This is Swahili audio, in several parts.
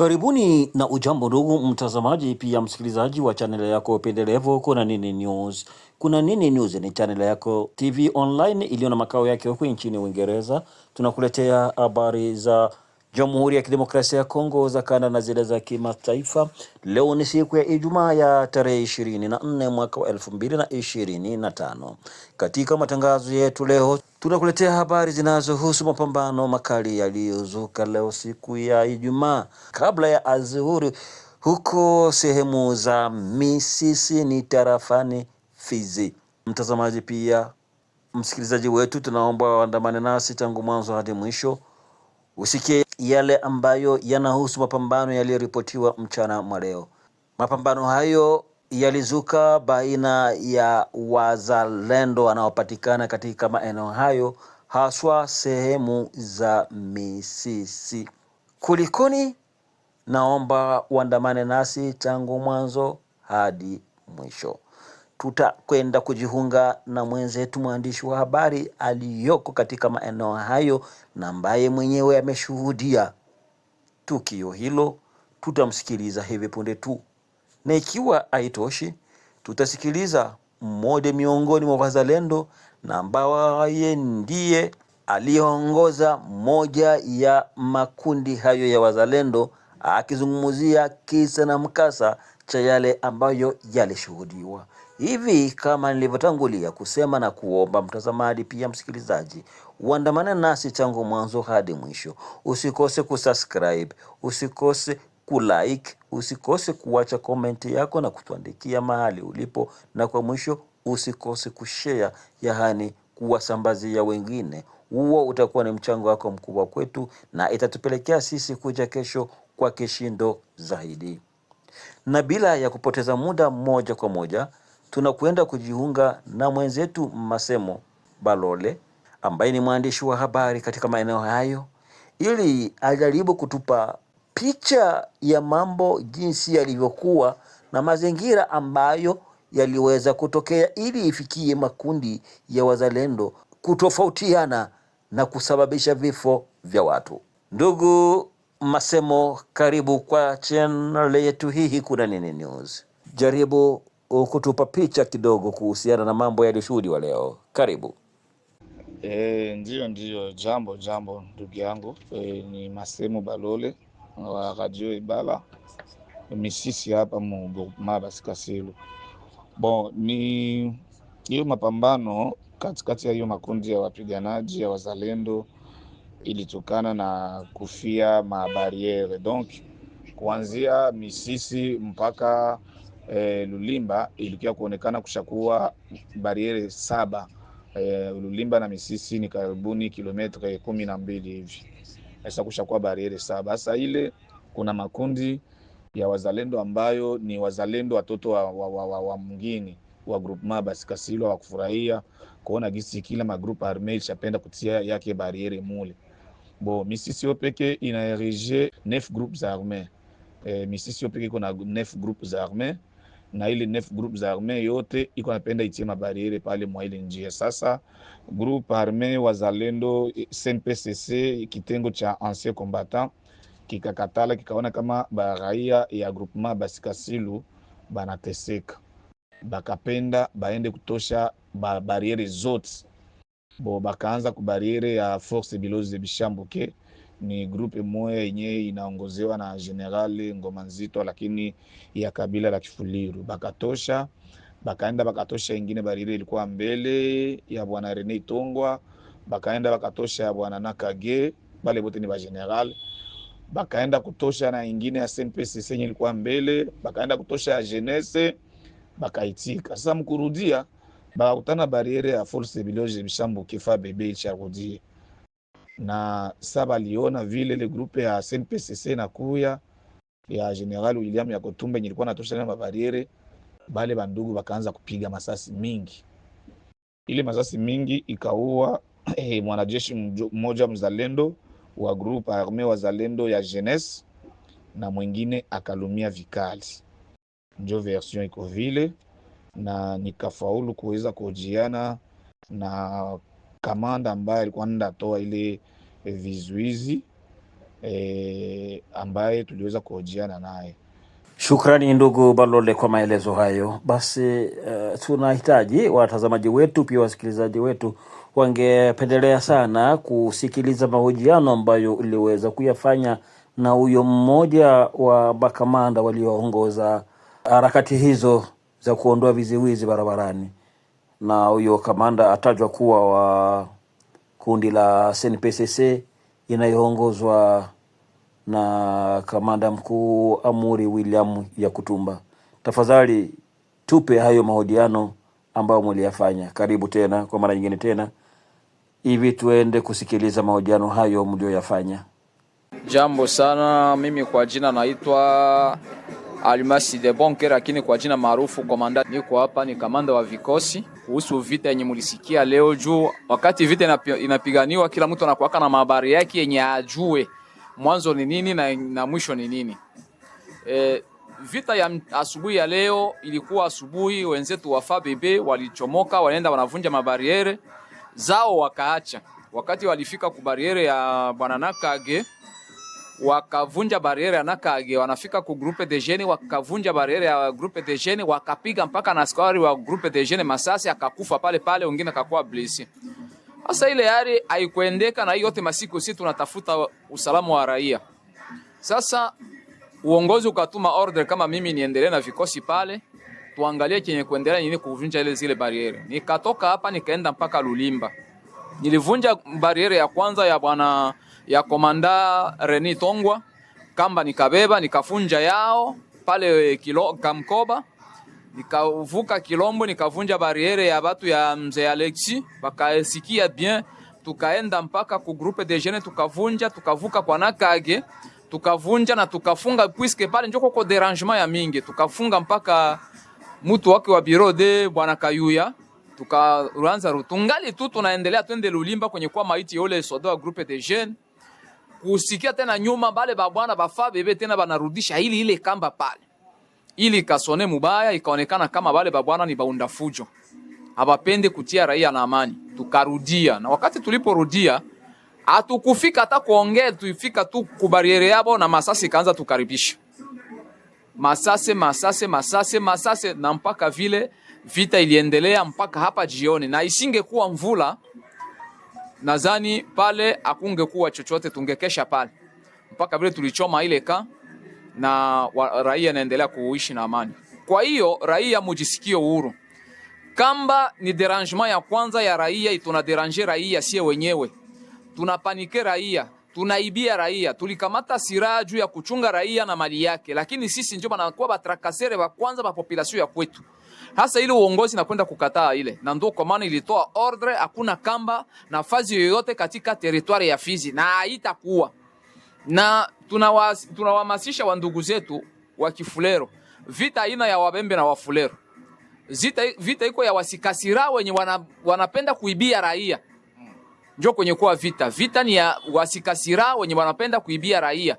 Karibuni na ujambo ndugu mtazamaji, pia msikilizaji wa chaneli yako pendelevo Kuna Nini News. Kuna Nini News ni chaneli yako TV online iliyo na makao yake huku nchini Uingereza. Tunakuletea habari za Jamhuri ya Kidemokrasia ya Kongo, za kanda na zile za kimataifa. Leo ni siku ya Ijumaa ya tarehe ishirini na nne mwaka wa elfu mbili na ishirini na tano. Katika matangazo yetu leo Tunakuletea habari zinazohusu mapambano makali yaliyozuka leo siku ya Ijumaa kabla ya azuhuri huko sehemu za Misisi ni tarafani Fizi. Mtazamaji pia msikilizaji wetu, tunaomba waandamane nasi tangu mwanzo hadi mwisho, usikie yale ambayo yanahusu mapambano yaliyoripotiwa mchana mwa leo. Mapambano hayo yalizuka baina ya wazalendo wanaopatikana katika maeneo hayo haswa sehemu za Misisi. Kulikoni? Naomba uandamane nasi tangu mwanzo hadi mwisho. Tutakwenda kujiunga na mwenzetu mwandishi wa habari aliyoko katika maeneo hayo na ambaye mwenyewe ameshuhudia tukio hilo. Tutamsikiliza hivi punde tu na ikiwa haitoshi, tutasikiliza mmoja miongoni mwa wazalendo na ambaye ndiye aliyeongoza moja ya makundi hayo ya wazalendo akizungumzia kisa na mkasa cha yale ambayo yalishuhudiwa. Hivi kama nilivyotangulia kusema na kuomba, mtazamaji pia msikilizaji, uandamane nasi tangu mwanzo hadi mwisho. Usikose kusubscribe, usikose kulike, usikose kuacha komenti yako na kutuandikia mahali ulipo, na kwa mwisho usikose kushare, yahani kuwasambazia wengine. Huo utakuwa ni mchango wako mkubwa kwetu na itatupelekea sisi kuja kesho kwa kishindo zaidi. Na bila ya kupoteza muda, moja kwa moja tunakwenda kujiunga na mwenzetu Masemo Balole ambaye ni mwandishi wa habari katika maeneo hayo ili ajaribu kutupa picha ya mambo jinsi yalivyokuwa na mazingira ambayo yaliweza kutokea ili ifikie makundi ya wazalendo kutofautiana na kusababisha vifo vya watu. Ndugu Masemo, karibu kwa channel yetu hii Kuna Nini News. Jaribu uh, kutupa picha kidogo kuhusiana na mambo yaliyoshuhudiwa leo. Karibu. E, eh, ndiyo ndiyo, jambo jambo ndugu yangu. E, ni Masemo Balole wa radio Ibala misisi hapa mu groupement Basikaselu. Bon, ni hiyo mapambano katikati ya hiyo makundi ya wapiganaji ya wazalendo ilitokana na kufia mabariere donc kuanzia misisi mpaka e, Lulimba ilikuwa kuonekana kushakuwa bariere saba. E, Lulimba na misisi ni karibuni kilometre kumi na mbili hivi kusha kushakuwa bariere saba. Sasa ile kuna makundi ya wazalendo ambayo ni wazalendo watoto wa, wa, wa, wa, wa mgini wa group basi kasilo wa kufurahia kuona gisi kila group arme chapenda kutia yake bariere mule bo misisio peke inaerige nef group za arme e, eh, misisio peke kuna nef group za na ile nef group za arme yote iko napenda itie mabariere pale mwa ile njia. Sasa group arme wazalendo CNPCC kitengo cha ancien combattant kikakatala, kikaona kama baraia ya groupement basikasilu banateseka, bakapenda baende kutosha ba bariere zote bo, bakaanza kubariere ya force bilozi bishambuke ni grupe moya yenyewe inaongozewa na General Ngoma Nzito, lakini ya kabila la Kifuliru bakatosha bakaenda bakatosha ingine barire ilikuwa mbele ya bwana Rene Tongwa, bakaenda bakatosha ya bwana Nakage, bale bote ni ba general. Bakaenda kutosha na ingine ya SNPC senye ilikuwa mbele, bakaenda kutosha ya Jeunesse, bakaitika. Sasa mkurudia bakakutana bariere ya Force Biologie Bishambo kifa bebe icha kudie na saba aliona vile ile grupe ya SNPCC nakuya ya General William ya Kotumba yenye ilikuwa natoshana mabariere, bale bandugu bakaanza kupiga masasi mingi. Ile masasi mingi ikaua eh, mwanajeshi mmoja mzalendo wa groupe arme wa zalendo ya jeunesse na mwingine akalumia vikali. Njo version iko vile, na nikafaulu kuweza kujiana na kamanda ambaye alikuwa ndatoa ile e, vizuizi e, ambaye tuliweza kuhojiana naye. Shukrani ndugu Balole kwa maelezo hayo. Basi uh, tunahitaji watazamaji wetu pia wasikilizaji wetu wangependelea sana kusikiliza mahojiano ambayo uliweza kuyafanya na huyo mmoja wa makamanda walioongoza harakati hizo za kuondoa viziwizi barabarani na huyo kamanda atajwa kuwa wa kundi la SNPCC inayoongozwa na kamanda mkuu Amuri William kutumba Tafadhali tupe hayo mahojiano ambayo mliyafanya. Karibu tena kwa mara nyingine tena hivi tuende kusikiliza mahojiano hayo mlioyafanya. Jambo sana, mimi kwa jina naitwa Almasi de Bonke, lakini kwa jina maarufu komanda. Niko hapa ni kamanda wa vikosi kuhusu vita yenye mulisikia leo juu wakati vita inapiganiwa, kila mtu anakuwaka na mahabari yake yenye ajue mwanzo ni nini na, na mwisho ni nini. E, vita ya asubuhi ya leo ilikuwa asubuhi, wenzetu wa FABB walichomoka, wanaenda wanavunja mabariere zao wakaacha. Wakati walifika kubariere ya bwana Nakage wakavunja bariere ya Nakage, wanafika ku groupe de Jeunes, wakavunja bariere ya groupe de Jeunes, wakapiga mpaka na askari wa groupe de Jeunes masasi, akakufa pale pale, wengine akakuwa blisi. Sasa ile yari haikuendeka, na hiyo yote masiku sisi tunatafuta usalama wa raia. Sasa uongozi ukatuma order kama mimi niendelee na vikosi pale, tuangalie chenye kuendelea nini, kuvunja ile zile bariere. Nikatoka hapa nikaenda mpaka Lulimba, nilivunja bariere ya kwanza ya bwana ya komanda Reni Tongwa, kamba nikabeba nikafunja yao pale kilo, Kamkoba nikavuka Kilombo nikavunja bariere ya batu ya mzee Alexi, bakasikia bien, tukaenda mpaka ku groupe de jeunes tukavunja, tukavuka kwa Nakage tukavunja na tukafunga, puisque pale njoko ko derangement ya mingi, tukafunga mpaka mtu wake wa biro de bwana Kayuya tukaanza rutungali tu, tunaendelea twende Lulimba kwenye kwa maiti yole soda wa groupe de jeunes kusikia tena nyuma bale ba bwana bafa bebe tena banarudisha ili ile kamba pale, ili kasone mubaya, ikaonekana kama bale ba bwana ni baunda fujo, abapende kutia raia na amani. Tukarudia na wakati tuliporudia hatukufika hata kuongea, tuifika tu kubariere yabo na masasi kaanza tukaribisha masase masase masase masase, na mpaka vile vita iliendelea mpaka hapa jioni, na isingekuwa mvula nadhani pale akungekuwa chochote, tungekesha pale mpaka vile tulichoma ile ka na wa, raia naendelea kuishi na amani. Kwa hiyo raia mujisikie uhuru, kamba ni derangement ya kwanza ya raia, ituna deranger raia sie wenyewe, tunapanike raia tunaibia raia, tulikamata silaha juu ya kuchunga raia na mali yake, lakini sisi ndio banakuwa batrakasere wa kwanza ba population ya kwetu. Hasa ile uongozi nakwenda kukataa ile, na ndio kwa maana ilitoa ordre, hakuna kamba nafasi yoyote katika teritwari ya Fizi na haitakuwa na tunawahamasisha tuna ndugu zetu wa Kifulero, vita aina ya Wabembe na Wafulero, zita, vita iko ya Wasikasira wenye wana, wanapenda kuibia raia njo kwenye kuwa vita. Vita ni ya Wasikasira wenye wanapenda kuibia raia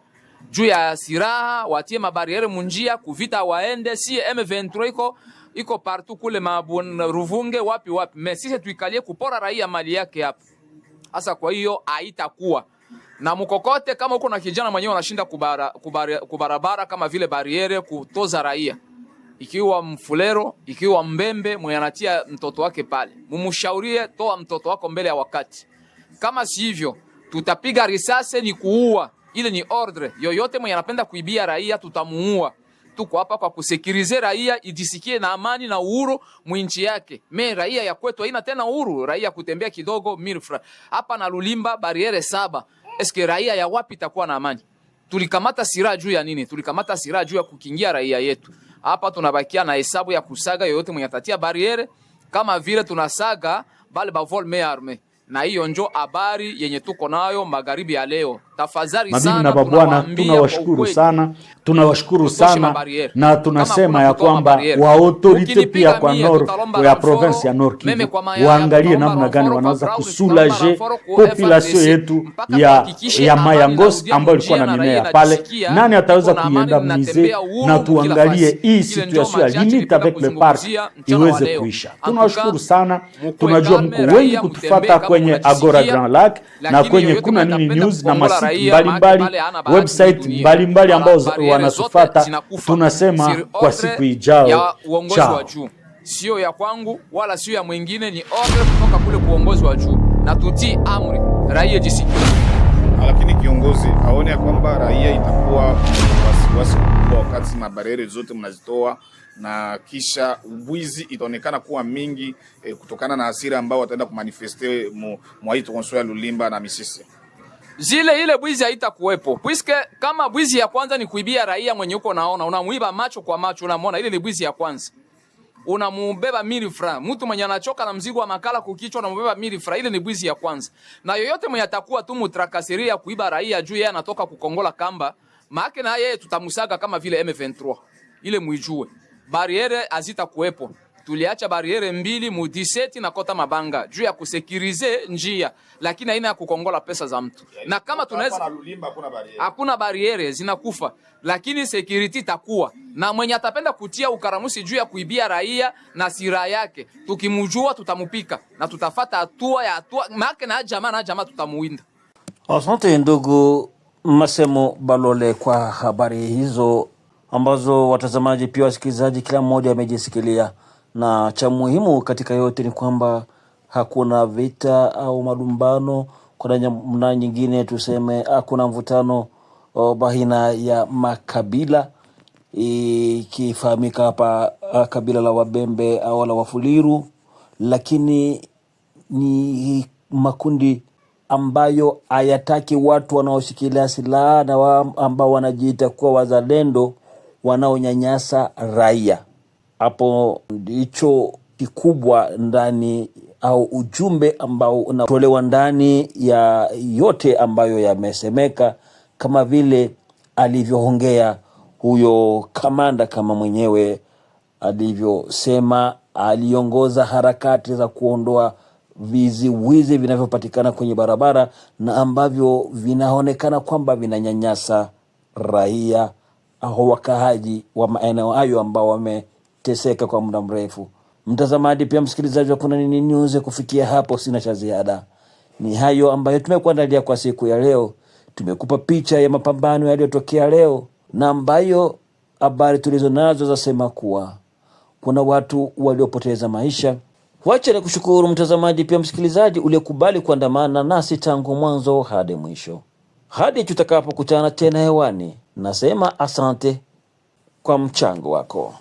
juu ya siraha, watie mabariere munjia kuvita waende, si M23 iko iko partout kule mabun, Ruvunge wapi wapi, mais sisi tuikalie kupora raia mali yake hapo hasa. Kwa hiyo haitakuwa na mkokote kama uko na kijana mwenyewe anashinda kubara, kubara, kubarabara kama vile bariere kutoza raia, ikiwa mfulero ikiwa mbembe mwenye anatia mtoto wake pale, mumshaurie toa mtoto wako mbele ya wakati. Kama si hivyo, tutapiga risasi, ni kuua. Ile ni ordre, yoyote mwenye anapenda kuibia raia tutamuua tuko hapa kwa kusekirize raia ijisikie na amani na uhuru mwinchi yake. Me raia ya kwetu haina tena uhuru, raia kutembea kidogo milfra hapa na Lulimba bariere saba. Eske raia ya wapi itakuwa na amani? Tulikamata silaha juu ya nini? Tulikamata silaha juu ya kukingia raia yetu. Hapa tunabakia na hesabu ya kusaga yoyote mwenye atatia bariere, kama vile tunasaga bale bavol me arme, na hiyo njo habari yenye tuko nayo magharibi ya leo. Tafadhali mabibi na babwana, tunawashukuru sana, tunawashukuru sana na tunasema ya kwamba wa pia kwa nor ya province ya Nord Kivu waangalie namna gani wanaweza kusulaje population yetu ya, ya Mayangos ambayo ilikuwa na mimea pale. Nani ataweza mize na tuangalie hii situation ya limite avec le parc iweze kuisha. Tunawashukuru sana, tunajua mko wengi kutufata kwenye Agora Grand Lac na kwenye Kuna Nini News na masi mbalimbali website mbalimbali ambao wanatufata, tunasema kwa siku ijao chao. Sio ya kwangu wala sio ya mwingine, ni ordre kutoka kule kuongozi wa juu, na tutii amri raia jisikie. Lakini kiongozi aone ya kwamba raia itakuwa wasiwasi mkubwa wakati mabarere zote mnazitoa na kisha ubwizi itaonekana kuwa mingi eh, kutokana na asira ambao wataenda kumanifeste mwaito Konsola Lulimba na Misisi zile ile bwizi haitakuwepo puisque kama bwizi ya kwanza ni kuibia raia mwenye uko naona, unamuiba macho kwa macho, unamwona, ile ni bwizi ya kwanza. Unamubeba mili fra, mtu mwenye anachoka na mzigo wa makala kukichwa, unamubeba mili fra, ile ni bwizi ya kwanza. Na yoyote mwenye atakuwa tu mutrakasiria kuiba raia juu yeye anatoka kukongola kamba, maana na yeye tutamusaga kama vile M23, ile mwijue bariere hazitakuwepo tuliacha bariere mbili mu 17 na kota mabanga juu ya kusekirize njia, lakini haina ya kukongola pesa za mtu yeah, na kama tunaweza hakuna bariere zinakufa, lakini security itakuwa na mwenye atapenda kutia ukaramusi juu ya kuibia raia na sira yake, tukimjua tutamupika na tutafata hatua ya hatua make na jamaa na jamaa tutamuwinda. Asante ndugu Masemo Balole kwa habari hizo ambazo watazamaji pia wasikilizaji kila mmoja amejisikilia na cha muhimu katika yote ni kwamba hakuna vita au madumbano kuna nyingine tuseme hakuna mvutano baina ya makabila ikifahamika hapa kabila la Wabembe au la Wafuliru, lakini ni makundi ambayo hayataki watu wanaoshikilia silaha na ambao wanajiita kuwa wazalendo wanaonyanyasa raia. Hapo ndicho kikubwa ndani au ujumbe ambao unatolewa ndani ya yote ambayo yamesemeka, kama vile alivyoongea huyo kamanda, kama mwenyewe alivyosema, aliongoza harakati za kuondoa viziwizi vinavyopatikana kwenye barabara na ambavyo vinaonekana kwamba vinanyanyasa raia au wakaaji wa maeneo hayo ambao wame teseka kwa muda mrefu. Mtazamaji pia msikilizaji wa Kuna Nini News, kufikia hapo sina cha ziada. Ni hayo ambayo tumekuandalia kwa siku ya leo. Tumekupa picha ya mapambano yaliyotokea leo na ambayo habari tulizo nazo zasema kuwa kuna watu waliopoteza maisha. Wacha ni kushukuru mtazamaji pia msikilizaji uliyekubali kuandamana nasi tangu mwanzo hadi mwisho. Hadi tutakapokutana tena hewani, nasema asante kwa mchango wako.